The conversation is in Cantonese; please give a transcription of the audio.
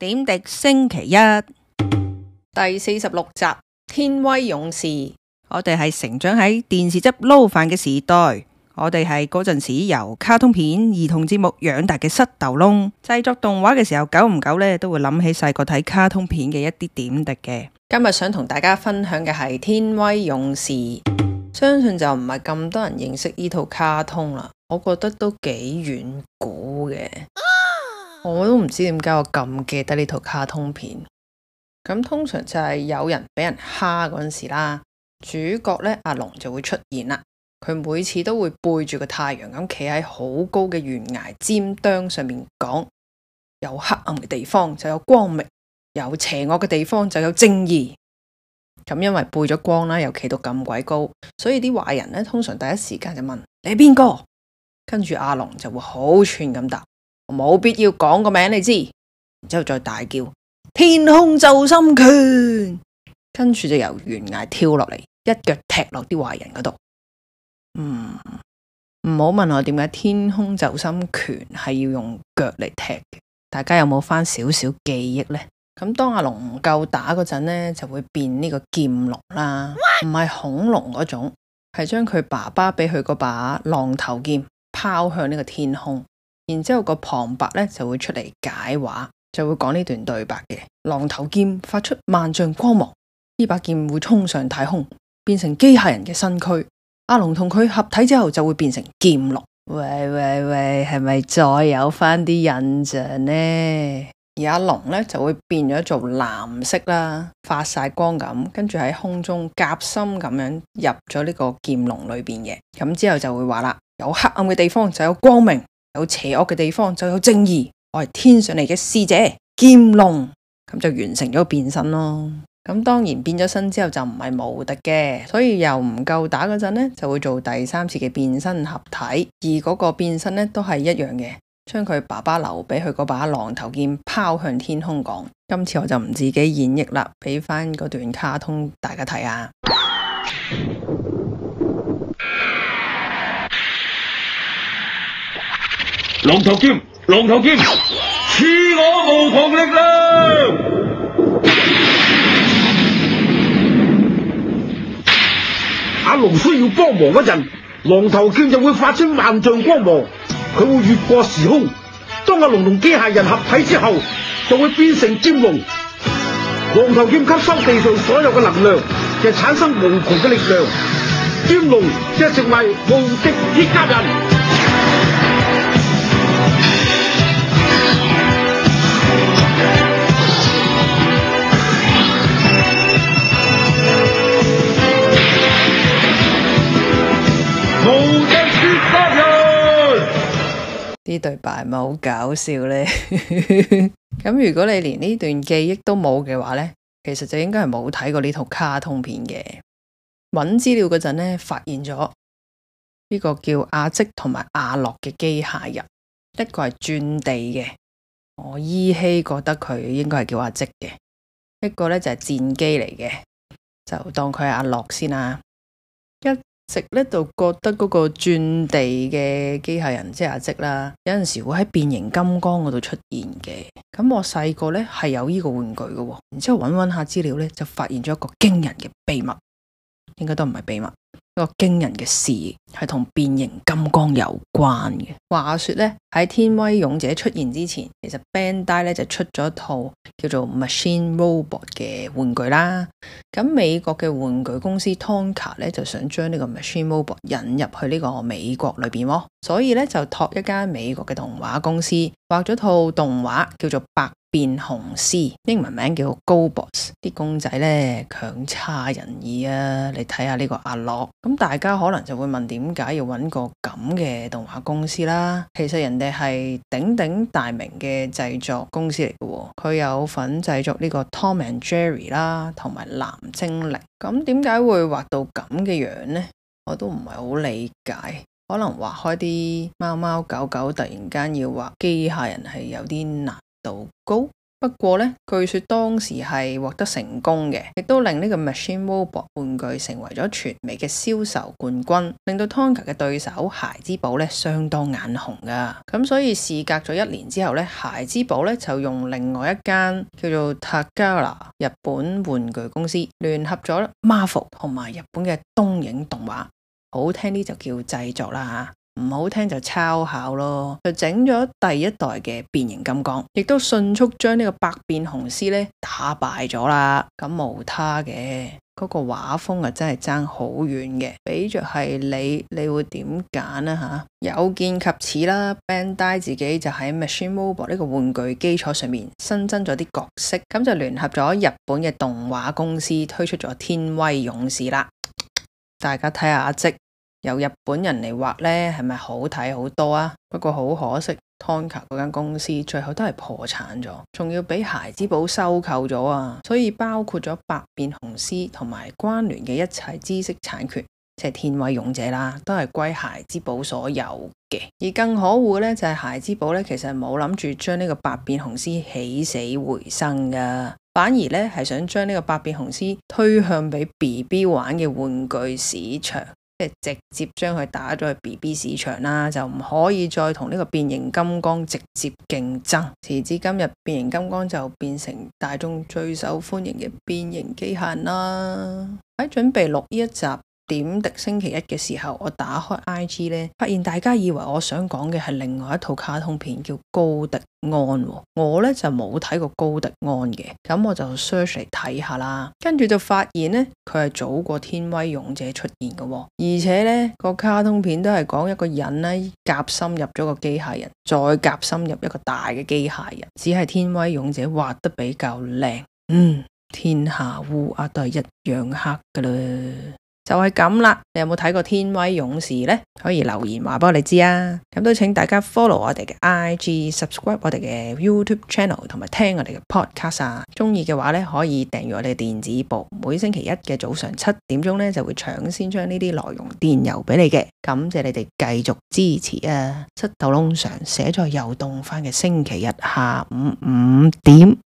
點滴星期一第四十六集《天威勇士》，我哋係成長喺電視汁撈飯嘅時代，我哋係嗰陣時由卡通片、兒童節目養大嘅膝頭窿。製作動畫嘅時候，久唔久呢都會諗起細個睇卡通片嘅一啲點滴嘅。今日想同大家分享嘅係《天威勇士》，相信就唔係咁多人認識呢套卡通啦。我覺得都幾遠古。我都唔知點解我咁記得呢套卡通片。咁通常就係有人俾人蝦嗰陣時啦，主角呢，阿龍就會出現啦。佢每次都會背住個太陽咁企喺好高嘅懸崖尖端上面講，有黑暗嘅地方就有光明，有邪惡嘅地方就有正義。咁因為背咗光啦，又企到咁鬼高，所以啲壞人呢，通常第一時間就問，係你邊個？跟住阿龍就會好串咁答。冇必要講個名，你知，之後再大叫天空就心拳，跟住就由懸崖跳落嚟，一腳踢落啲壞人嗰度。唔唔好問我點解天空就心拳係要用腳嚟踢嘅？大家有冇翻少少記憶呢？咁當阿龍唔夠打嗰陣呢，就會變呢個劍龍啦，唔係恐龍嗰種，係將佢爸爸俾佢嗰把浪頭劍拋向呢個天空。然之後個旁白咧就會出嚟解畫，就會講呢段對白嘅。狼頭劍發出萬丈光芒，呢把劍會衝上太空，變成機械人嘅身軀。阿龍同佢合體之後，就會變成劍龍。喂喂喂，係咪再有翻啲印象呢？而阿龍咧就會變咗做藍色啦，發晒光咁，跟住喺空中夾心咁樣入咗呢個劍龍裏邊嘅。咁之後就會話啦，有黑暗嘅地方就有光明。有邪惡嘅地方就有正義，我係天上嚟嘅師姐劍龍，咁就完成咗變身咯。咁當然變咗身之後就唔係無敵嘅，所以又唔夠打嗰陣呢，就會做第三次嘅變身合體，而嗰個變身呢，都係一樣嘅，將佢爸爸留俾佢嗰把狼頭劍拋向天空，講：今次我就唔自己演繹啦，俾翻嗰段卡通大家睇下。啊龍頭劍，龍頭劍賜我無窮力量。阿龍需要幫忙嗰陣，龍頭劍就會發出萬丈光芒，佢會越過時空。當阿龍同機械人合體之後，就會變成尖龍。龍頭劍吸收地上所有嘅能量，就產生無窮嘅力量。尖龍即成為無敵鐵甲人。呢對白係咪好搞笑呢？咁 如果你連呢段記憶都冇嘅話呢，其實就應該係冇睇過呢套卡通片嘅。揾資料嗰陣咧，發現咗呢個叫阿積同埋阿洛嘅機械人，一個係轉地嘅，我依稀覺得佢應該係叫阿積嘅，一個呢就係戰機嚟嘅，就當佢係阿洛先啦。食呢度覺得嗰個轉地嘅機械人即係阿積啦，有陣時會喺變形金剛嗰度出現嘅。咁我細個呢係有呢個玩具嘅，然之後揾揾下資料呢就發現咗一個驚人嘅秘密。應該都唔係秘密，一個驚人嘅事係同變形金剛有關嘅。話說呢，喺天威勇者出現之前，其實 Bandai 咧就出咗一套叫做 Machine Robot 嘅玩具啦。咁美國嘅玩具公司 Tonka 咧就想將呢個 Machine Robot 引入去呢個美國裏邊喎，所以咧就託一間美國嘅動畫公司畫咗套動畫叫做《白》。變雄獅，英文名叫高博斯，啲公仔呢強差人意啊！你睇下呢個阿樂，咁大家可能就會問，點解要搵個咁嘅動畫公司啦？其實人哋係鼎鼎大名嘅製作公司嚟嘅，佢有份製作呢個 Tom and Jerry 啦，同埋藍精靈。咁點解會畫到咁嘅樣呢？我都唔係好理解，可能畫開啲貓貓狗狗，突然間要畫機械人係有啲難。度高，不過呢，據說當時係獲得成功嘅，亦都令呢個 Machine Robo 玩具成為咗全美嘅銷售冠軍，令到 Tonka 嘅對手孩之寶呢，相當眼紅㗎。咁所以事隔咗一年之後呢，孩之寶呢，就用另外一間叫做 Takara 日本玩具公司聯合咗 Marvel 同埋日本嘅東映動畫，好聽啲就叫製作啦唔好聽就抄考咯，就整咗第一代嘅變形金剛，亦都迅速將呢個百變雄獅咧打敗咗啦。咁無他嘅，嗰、那個畫風啊真係爭好遠嘅。比着係你，你會點揀呢？吓？有見及此啦，Bandai 自己就喺 Machine Mobile 呢個玩具基礎上面新增咗啲角色，咁就聯合咗日本嘅動畫公司推出咗天威勇士啦。大家睇下阿積。即由日本人嚟畫咧，係咪好睇好多啊？不過好可惜，Tonka 嗰間公司最後都係破產咗，仲要俾孩之寶收購咗啊！所以包括咗百變雄獅同埋關聯嘅一切知識產權，即係《天威勇者》啦，都係歸孩之寶所有嘅。而更可惡咧，就係孩之寶咧，其實冇諗住將呢個百變雄獅起死回生噶，反而咧係想將呢個百變雄獅推向俾 B B 玩嘅玩具市場。即係直接將佢打咗去 BB 市場啦，就唔可以再同呢個變形金剛直接競爭。時至今日，變形金剛就變成大眾最受歡迎嘅變形機械啦。喺準備錄呢一集。點滴星期一嘅時候，我打開 IG 呢，發現大家以為我想講嘅係另外一套卡通片叫《高迪安》哦。我呢就冇睇過《高迪安》嘅，咁我就 search 嚟睇下啦。跟住就發現呢，佢係早過《天威勇者》出現嘅哦，而且呢，個卡通片都係講一個人呢，夾心入咗個機械人，再夾心入一個大嘅機械人。只係《天威勇者》畫得比較靚。嗯，天下烏鴉都係一樣黑嘅嘞～就係咁啦，你有冇睇過《天威勇士》呢？可以留言話俾我哋知啊！咁都請大家 follow 我哋嘅 IG，subscribe 我哋嘅 YouTube channel，同埋聽我哋嘅 podcast 啊！中意嘅話呢，可以訂閱我哋電子報，每星期一嘅早上七點鐘呢，就會搶先將呢啲內容電郵俾你嘅。感謝你哋繼續支持啊！七頭窿上寫在又凍翻嘅星期日下午五點。